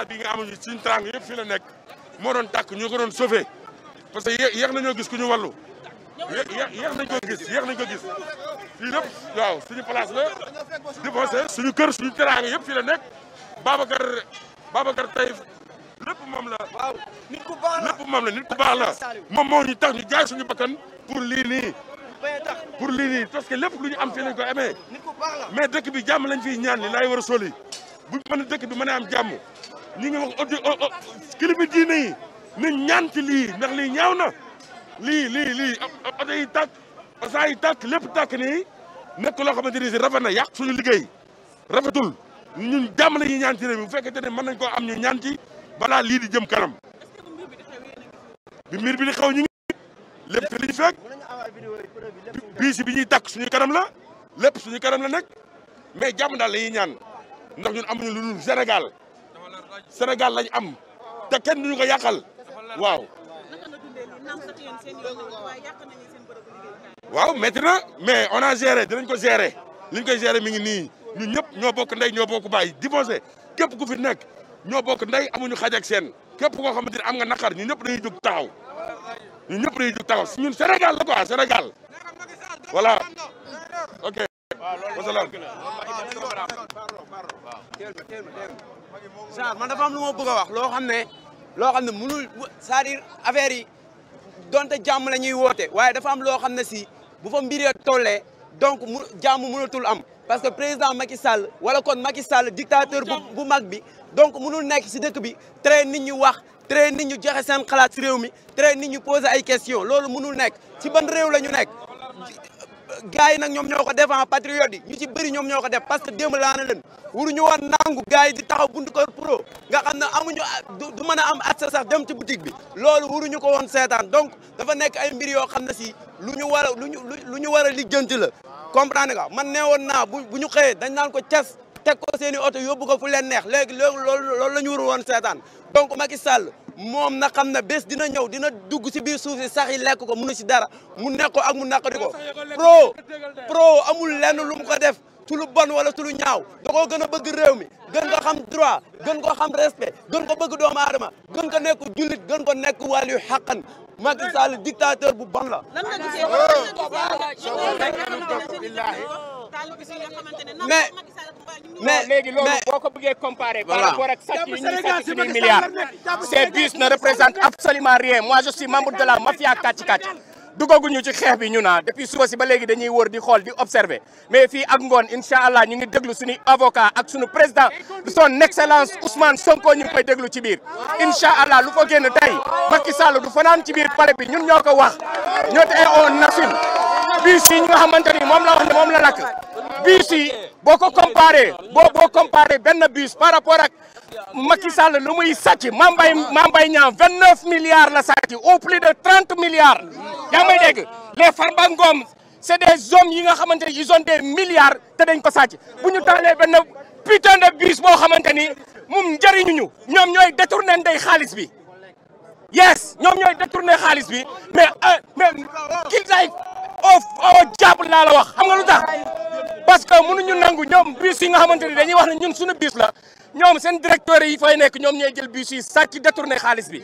at yi nga amuñu suñu tàng yëpp fi la nekk moo doon tàkk ñu ko doon sauvé parce que yéex yéex nañoo gis ku ñu wàllu yéex nañ ko gis yéex ñoo gis fii lépp waaw suñu place la défenseur suñu kër suñu teraanga yëpp fii la nekk Babacar Babacar tey lépp moom la lépp moom la nit ku baax la moom moo ñu tax ñu jaay suñu bakkan pour lii nii pour lii parce que lépp lu ñu am fii lañ ko amee mais dëkk bi jàmm lañ fiy ñaan ni laay war a soli bu mën a dëkk bi mën a am jàmm ñi ngi wax oh, oh, kilifa diine yi nañ ñaan ci lii ndax lii ñaaw na lii lii lii oto yi tàkk saa yi tàkk lépp tàkk nii nekk loo xamante ni si rafet na yàq suñu liggéey rafetul ñun jàmm la ñuy ñaan ci réew mi bu fekkente ne mën nañ ko am ñu ñaan ci balaa lii di jëm kanam bi miir bi ni xaw ñu ngi lépp li ñu biisi bi ñi tàkk suñu kanam la lépp suñu kanam la nekk mais jàmm daal la ñuy ñaan ndax ñun amuñu lu dul Sénégal Sénégal lañ am te kenn ñu ko yàqal waaw. waaw métti na mais on a géré dinañ ko géré liñ koy géré mi ngi nii ñu ñëpp ñoo bokk ndey ñoo bokk baay divorcé képp ku fi nekk ñoo bokk ndey amuñu xaj ak seen képp koo xamante ne am nga naqar ñun ñëpp dañuy jóg taxaw ñun ñëpp dañuy jóg taxaw ñun Sénégal la quoi Sénégal voilà wasalaam. Sarr man dafa am lu ma bëgg wax loo xam ne loo xam ne mënul cest à affaire yi donte jàmm lañuy ñuy woote waaye dafa am loo xam ne si bu fa mbiree donc mu jàmm mënatul am. parce que président Macky Sall wala kon Macky Sall dictateur bu bu mag bi donc mënul nekk si dëkk bi tere ni ñu wax tere ni ñu joxe seen xalaat si réew mi tere ni ñu poser ay questions loolu mënul nekk si ban réew la ñu nekk. gars yi nag ñoom ñoo ko def en patriote yi ñu ci bëri ñoom ñoo ko def parce que démb laa na leen waruñu woon nangu gars yi di taxaw buntu kër pro nga xam ne amuñu du mën a am accès dem ci boutique bi loolu waruñu ko woon seetaan donc dafa nekk ay mbir yoo xam ne si lu ñu war a luñu lu ñu war a lijjanti la comprendre nga man nee woon naa bu bu ñu xëyee dañ naan ko cas teg ko seen i oto yóbbu ko fu leen neex léegi lool loolu la ñu wur woon seetaan donc Macky sal moom na xam na bés dina ñëw dina dugg si biir suuf si sax yi lekk ko munu si dara mu nekko ko ak mu naqari ko pro pro amul lenn lu mu ko def su lu bon wala su lu ñaaw da koo gën a bëgg réew mi gën ko xam droit gën ko xam respect gën ko bëgg doomu aadama gën ko nekk jullit gën ko nekk wàll yu xàqan Macky Sall dictateur bu bon la mais mais léegi loolu boo ko bëggee comparer par rapport ak sàcc yi ñuy sàcc suñuy milliards ces bus ne représentent absolument rien moi je suis membre de la mafia kàcc-kàcc dugaguñu ci xeex bi ñu naa depuis suba si ba léegi dañuy wër di xool di observer mais fii ak ngoon incha allah ñu ngi déglu suñuy avocat ak suñu président son excellence Ousmane Sonko ñu ngi koy déglu ci biir incha allah lu ko génn tey Macky Sall du fanaan ci biir palais bi ñun ñoo ko wax ñoo te nga xamante ni moom la wax ne bus yi boo ko comparé boo boo comparé benn bus par rapport ak Macky Sall lu muy sacc Mame Mbaye Mame Mbaye Niang vingt neuf milliards la sàcc au plus de trente milliards yaa may dégg les Farba Ngom c' des hommes yi nga xamante ni ils ont des milliards te dañ ko sàcc bu ñu taalee benn putain de bus boo xamante ni moom njëriñuñu ñoom ñooy détourné ndey xaalis bi yes ñoom ñooy détourné xaalis bi mais euh, mais of awa jàpp laa la wax xam nga lu tax parce que mënuñu nangu ñoom bus yi nga xamante ni dañuy wax ne ñun suñu bus la ñoom seen directeur yi fay nekk ñoom ñooy jël bus yi sàcc détourné xaalis bi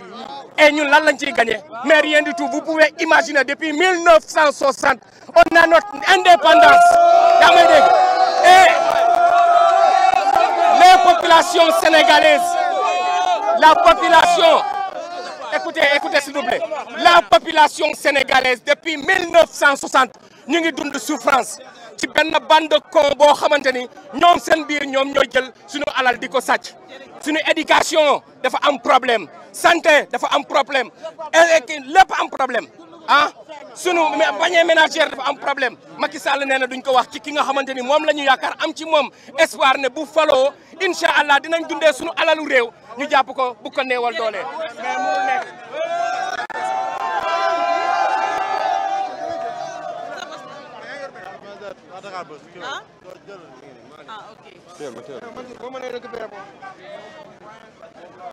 et ñun lan lañ ciy gagné mais rien du tout bu pouvez imaginer depuis 1960 on a notre indépendance yaa may dégg et les populations sénégalaises la population écoutez écoutez s'il vous plaît la population sénégalaise depuis 1960 ñu ngi dund souffrance ci benn band con boo xamante ni ñoom seen biir ñoom ñooy jël suñu alal di ko sàcc suñu éducation dafa am problème santé dafa am problème lépp am problème ah sunu panier ménagère dafa am problème Macky Sall nee na duñ ko wax ci ki nga xamante ni moom la ñu yaakaar am ci moom espoir ne bu faloo incha allah dinañ dundee sunu alalu réew ñu jàpp ko bu ko neewal doole ah. ah ok.